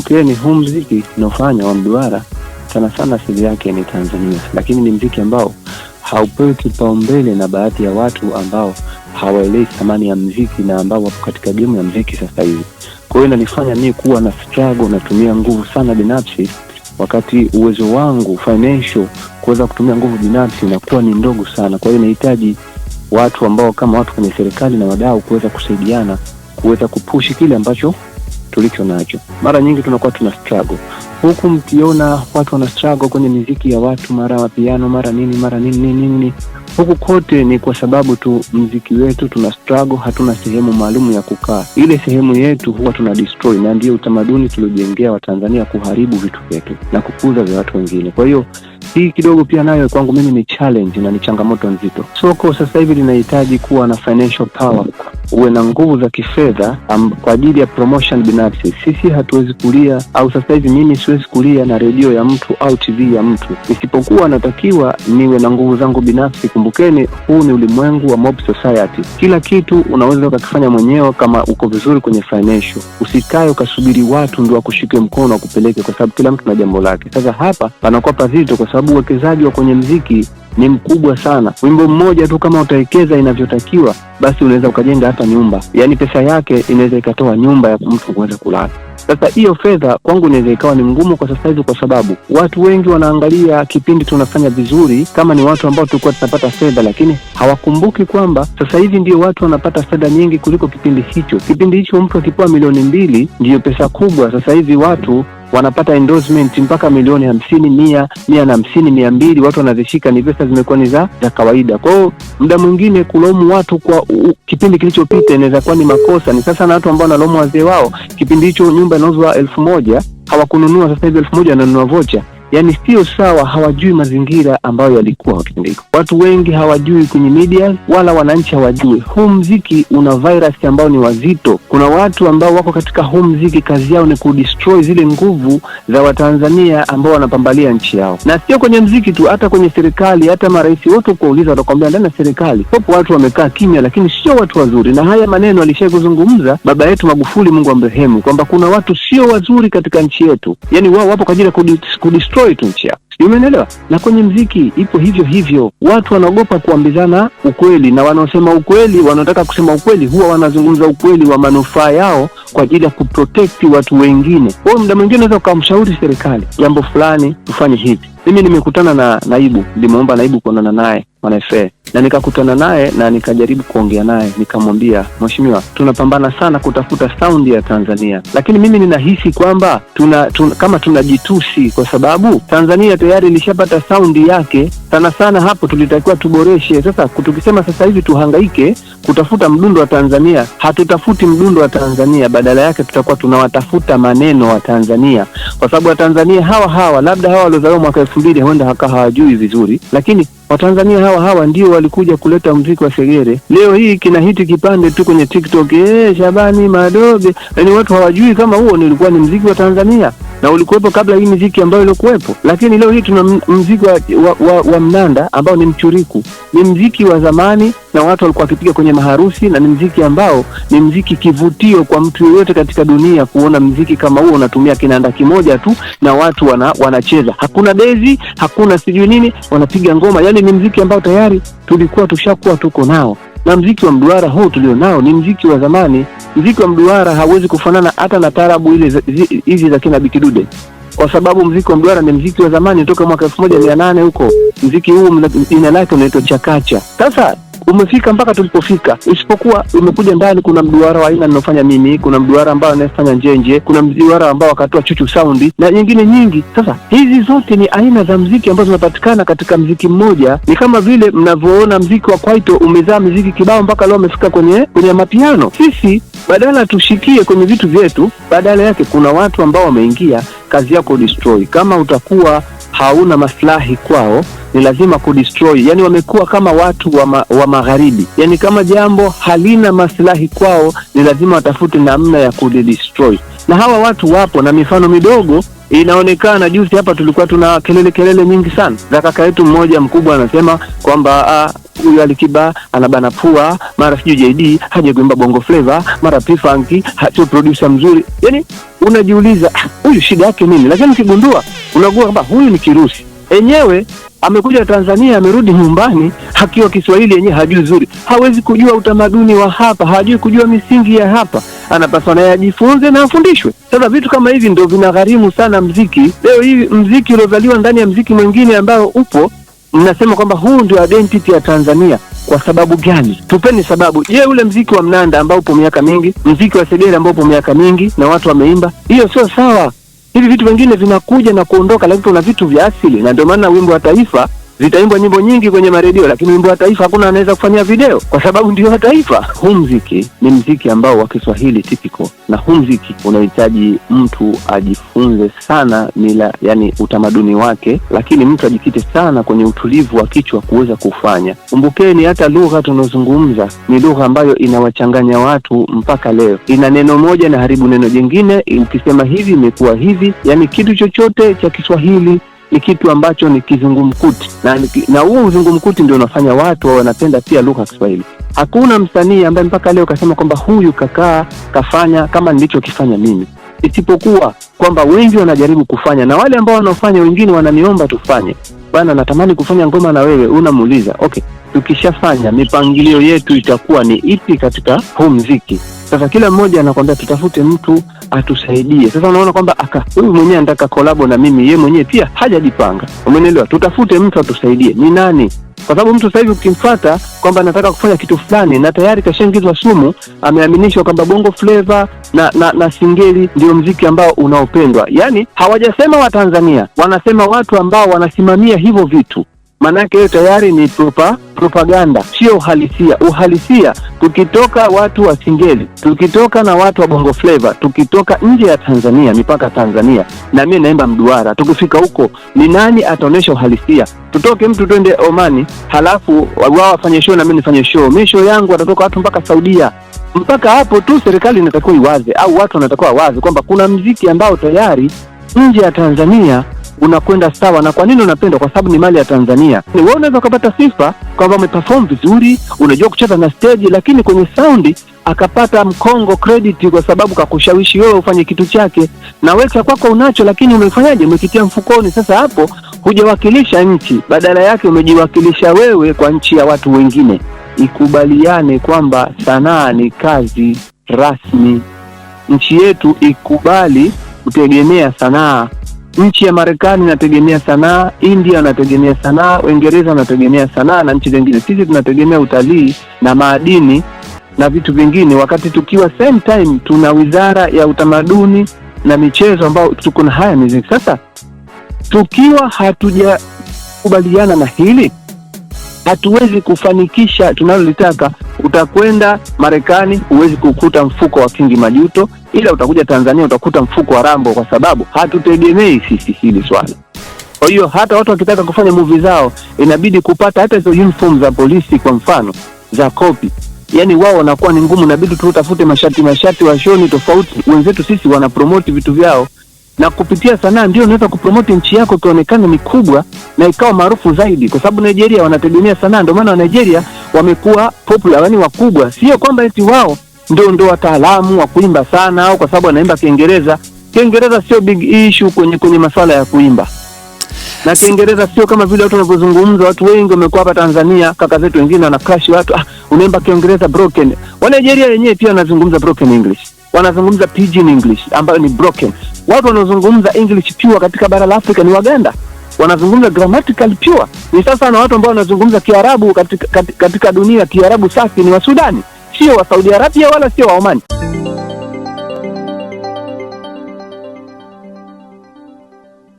Ukiwe ni huu mziki unaofanya wa mduara sana sana asili yake ni Tanzania, lakini ni mziki ambao haupewi kipaumbele na baadhi ya watu ambao hawaelewi thamani ya mziki na ambao wapo katika gemu ya mziki sasa hivi. Kwa hiyo inanifanya mimi kuwa na struggle, natumia nguvu sana binafsi, wakati uwezo wangu financial kuweza kutumia nguvu binafsi inakuwa ni ndogo sana. Kwa hiyo inahitaji watu ambao kama watu kwenye serikali na wadau kuweza kusaidiana kuweza kupushi kile ambacho tulicho nacho. Mara nyingi tunakuwa tuna struggle huku, mkiona watu wana struggle kwenye miziki ya watu, mara mapiano, mara nini, mara nini nini nini, huku kote ni kwa sababu tu mziki wetu tuna struggle, hatuna sehemu maalum ya kukaa. Ile sehemu yetu huwa tuna destroy, na ndio utamaduni tuliojengea Watanzania kuharibu vitu vyetu na kukuza vya watu wengine. Kwa hiyo hii kidogo pia nayo kwangu mimi ni challenge na ni changamoto nzito. Soko sasa hivi linahitaji kuwa na financial power uwe na nguvu za kifedha kwa ajili ya promotion binafsi. Sisi hatuwezi kulia, au sasa hivi mimi siwezi kulia na redio ya mtu au TV ya mtu, isipokuwa natakiwa niwe na nguvu zangu binafsi. Kumbukeni, huu ni ulimwengu wa mob society. Kila kitu unaweza ukakifanya mwenyewe kama uko vizuri kwenye financial. Usikae ukasubiri watu ndio wakushike mkono wakupeleke, kwa sababu kila mtu na jambo lake. Sasa hapa panakuwa pazito, kwa sababu uwekezaji wa kwenye mziki ni mkubwa sana. Wimbo mmoja tu kama utawekeza inavyotakiwa, basi unaweza ukajenga hata nyumba, yaani pesa yake inaweza ikatoa nyumba ya mtu kuweza kulala. Sasa hiyo fedha kwangu inaweza ikawa ni ngumu kwa sasa hivi, kwa sababu watu wengi wanaangalia kipindi tunafanya vizuri kama ni watu ambao tulikuwa tunapata fedha, lakini hawakumbuki kwamba sasa hivi ndio watu wanapata fedha nyingi kuliko kipindi hicho. Kipindi hicho mtu akipewa milioni mbili ndiyo pesa kubwa. Sasa hivi watu wanapata endorsement mpaka milioni hamsini, mia, mia na hamsini, mia mbili, watu wanazishika. Ni pesa zimekuwa ni za kawaida. Kwa hiyo muda mwingine kulaumu watu kwa uh, kipindi kilichopita inaweza kuwa ni makosa ni sasa, na watu ambao wanalaumu wazee wao, kipindi hicho nyumba inauzwa elfu moja hawakununua, sasa hivi elfu moja wananunua vocha yani sio sawa, hawajui mazingira ambayo yalikuwa wakitendeka. Watu wengi hawajui kwenye media, wala wananchi hawajui. Huu mziki una virus ambao ni wazito. Kuna watu ambao wako katika huu mziki, kazi yao ni kudestroy zile nguvu za Watanzania ambao wanapambalia nchi yao, na sio kwenye mziki tu, hata kwenye serikali. Hata marahisi wote kuwauliza, watakuambia ndani ya serikali popo watu wamekaa kimya, lakini sio watu wazuri. Na haya maneno alishai kuzungumza baba yetu Magufuli, Mungu wa mrehemu kwamba kuna watu sio wazuri katika nchi yetu, yani wao wapo kwa ajili ya kudestroy Troy Tucha Umeelewa? Na kwenye mziki ipo hivyo hivyo, watu wanaogopa kuambizana ukweli, na wanaosema ukweli, wanaotaka kusema ukweli, huwa wanazungumza ukweli wa manufaa yao kwa ajili ya kuprotekti watu wengine. Wewe muda mwingine unaweza ukamshauri serikali jambo fulani, tufanye hivi, mimi nimekutana na naibu, nilimwomba naibu kuonana naye wanafe na nikakutana naye na nikajaribu kuongea naye, nikamwambia mheshimiwa, tunapambana sana kutafuta saundi ya Tanzania, lakini mimi ninahisi kwamba tuna, tuna, kama tunajitusi kwa sababu Tanzania tayari ilishapata saundi yake. Sana sana hapo tulitakiwa tuboreshe. Sasa tukisema sasa hivi tuhangaike kutafuta mdundo wa Tanzania, hatutafuti mdundo wa Tanzania, badala yake tutakuwa tunawatafuta maneno wa Tanzania, kwa sababu Watanzania hawa hawa, labda hawa waliozaliwa mwaka elfu mbili huenda haka hawajui vizuri, lakini Watanzania hawa hawa ndio walikuja kuleta mziki wa segere. Leo hii kina hiti kipande tu kwenye TikTok, ee, Shabani Madobe, yaani watu hawajui kama huo nilikuwa ni mziki wa Tanzania na ulikuwepo kabla hii miziki ambayo iliokuwepo, lakini leo hii tuna mziki wa, wa, wa, wa mnanda ambao ni mchuriku, ni mziki wa zamani na watu walikuwa wakipiga kwenye maharusi, na ni mziki ambao ni mziki kivutio kwa mtu yoyote katika dunia kuona mziki kama huo unatumia kinanda kimoja tu na watu wana, wanacheza, hakuna bezi, hakuna sijui nini, wanapiga ngoma, yani ni mziki ambao tayari tulikuwa tushakuwa tuko nao na mziki wa mduara huu tulionao ni mziki wa zamani. Mziki wa mduara hauwezi kufanana hata na tarabu ile hizi za kina Bikidude, kwa sababu mziki wa mduara ni mziki wa zamani toka mwaka elfu moja mia nane huko. Mziki huu jina lake unaitwa chakacha. Sasa umefika mpaka tulipofika, isipokuwa umekuja ndani, kuna mduara wa aina ninofanya mimi, kuna mduara ambao anayefanya Njenje, kuna mduara ambao wakatoa Chuchu Saundi na nyingine nyingi. Sasa hizi zote ni aina za mziki ambazo zinapatikana katika mziki mmoja, ni kama vile mnavyoona mziki wa kwaito umezaa mziki kibao mpaka leo amefika kwenye kwenye mapiano. Sisi badala tushikie kwenye vitu vyetu, badala yake kuna watu ambao wameingia, kazi yako destroy kama utakuwa hauna maslahi kwao ni lazima kudestroy. Yani wamekuwa kama watu wa, ma, wa magharibi, yani kama jambo halina maslahi kwao ni lazima watafute namna ya kulidestroy, na hawa watu wapo, na mifano midogo inaonekana. Juzi hapa tulikuwa tuna kelele kelele nyingi sana za kaka yetu mmoja mkubwa, anasema kwamba ah, huyu Alikiba anabana pua, mara sijui JD hajakuimba bongo flava, mara pifanki Funk sio producer mzuri. Yani unajiuliza ah, huyu shida yake nini? Lakini ukigundua unagua kwamba huyu ni kirusi enyewe amekuja Tanzania, amerudi nyumbani akiwa Kiswahili yenyewe hajui zuri, hawezi kujua utamaduni wa hapa, hajui kujua misingi ya hapa, anapaswa naye ajifunze na afundishwe. Sasa vitu kama hivi ndio vinagharimu sana mziki. Leo hii mziki uliozaliwa ndani ya mziki mwingine ambao upo, mnasema kwamba huu ndio identity ya Tanzania. Kwa sababu gani? Tupeni sababu. Je, ule mziki wa mnanda ambao upo miaka mingi, mziki wa sedere ambao upo miaka mingi na watu wameimba, hiyo sio sawa hivi vitu vingine vinakuja na kuondoka, lakini kuna vitu vya asili, na ndio maana wimbo wa taifa zitaimbwa nyimbo nyingi kwenye maredio, lakini wimbo wa taifa hakuna anaweza kufanyia video, kwa sababu ndio wa taifa. Huu mziki ni mziki ambao wa Kiswahili tipiko, na huu mziki unahitaji mtu ajifunze sana mila, yani utamaduni wake, lakini mtu ajikite sana kwenye utulivu wa kichwa kuweza kufanya. Kumbukeni hata lugha tunazungumza ni lugha ambayo inawachanganya watu mpaka leo, ina neno moja na haribu neno jingine, ukisema hivi imekuwa hivi, yani kitu chochote cha Kiswahili ni kitu ambacho ni kizungumkuti, na huo uzungumkuti ndio unafanya watu wa wanapenda pia lugha ya Kiswahili. Hakuna msanii ambaye mpaka leo kasema kwamba huyu kakaa kafanya kama nilichokifanya mimi, isipokuwa kwamba wengi wanajaribu kufanya, na wale ambao wanaofanya wengine wananiomba tufanye, bana, natamani kufanya ngoma na wewe, unamuuliza okay, tukishafanya mipangilio yetu itakuwa ni ipi katika huu mziki? Sasa kila mmoja anakwambia tutafute mtu atusaidie. Sasa unaona kwamba aka huyu mwenyewe anataka kolabo na mimi, ye mwenyewe pia hajajipanga. Umenielewa? Tutafute mtu atusaidie. Ni nani? Kwa sababu mtu sasa hivi kwamba anataka kufanya kitu fulani na tayari kashaingizwa sumu, ameaminishwa kwamba bongo fleva na, na na singeli ndio mziki ambao unaopendwa. yani hawajasema Watanzania, wanasema watu ambao wanasimamia hivyo vitu maanake hiyo tayari ni propa, propaganda, sio uhalisia. Uhalisia tukitoka watu wa Singeli, tukitoka na watu wa Bongo Flava, tukitoka nje ya Tanzania, mipaka Tanzania, na mimi naimba mduara, tukifika huko ni nani ataonyesha uhalisia? Tutoke mtu twende Omani, halafu wao wafanye show na mimi nifanye show, mimi show yangu atatoka watu mpaka Saudia mpaka hapo tu serikali inatakiwa iwaze au watu wanatakiwa wawaze kwamba kuna mziki ambao tayari nje ya Tanzania unakwenda sawa. Na kwa nini unapendwa? Kwa sababu ni mali ya Tanzania. Wewe unaweza ukapata sifa kwamba umeperform vizuri, unajua kucheza na stage, lakini kwenye saundi akapata mkongo credit kwa sababu kakushawishi wewe ufanye kitu chake, na wewe cha kwako unacho, lakini umefanyaje? Umekitia mfukoni. Sasa hapo hujawakilisha nchi, badala yake umejiwakilisha wewe kwa nchi ya watu wengine. Ikubaliane kwamba sanaa ni kazi rasmi. Nchi yetu ikubali kutegemea sanaa nchi ya Marekani inategemea sanaa, India wanategemea sanaa, Uingereza wanategemea sanaa na nchi zingine. Sisi tunategemea utalii na maadini na vitu vingine, wakati tukiwa same time tuna wizara ya utamaduni na michezo ambao tuko na haya miziki. Sasa tukiwa hatujakubaliana na hili, hatuwezi kufanikisha tunalolitaka. Utakwenda Marekani, huwezi kukuta mfuko wa Kingi Majuto, ila utakuja Tanzania utakuta mfuko wa rambo, kwa sababu hatutegemei sisi hili swala. Kwa hiyo hata watu wakitaka kufanya muvi zao inabidi kupata hata hizo uniform za polisi, kwa mfano za kopi, yani wao wanakuwa ni ngumu, inabidi tu utafute mashati mashati washoni tofauti. Wenzetu sisi wanapromoti vitu vyao, na kupitia sanaa ndio unaweza kupromoti nchi yako ikionekana ni kubwa na ikawa maarufu zaidi, kwa sababu Nigeria wanategemea sanaa. Ndio maana wa Nigeria wamekuwa popular, yani wakubwa, sio kwamba eti wao ndio ndio wataalamu wa kuimba sana, au kwa sababu anaimba Kiingereza. Kiingereza sio big issue kwenye kwenye masuala ya kuimba na Kiingereza sio kama vile watu wanavyozungumza. Watu wengi wamekuwa hapa Tanzania, kaka zetu wengine wana wanacrash watu, ah, unaimba Kiingereza broken. Wa Nigeria wenyewe pia wanazungumza broken English, wanazungumza pidgin English ambayo ni broken. Watu wanaozungumza English pure katika bara la Afrika ni Waganda, wanazungumza grammatical pure. Ni sasa na watu ambao wanazungumza Kiarabu katika, katika dunia Kiarabu safi ni Wasudani sio wa Saudi Arabia wala sio wa Oman.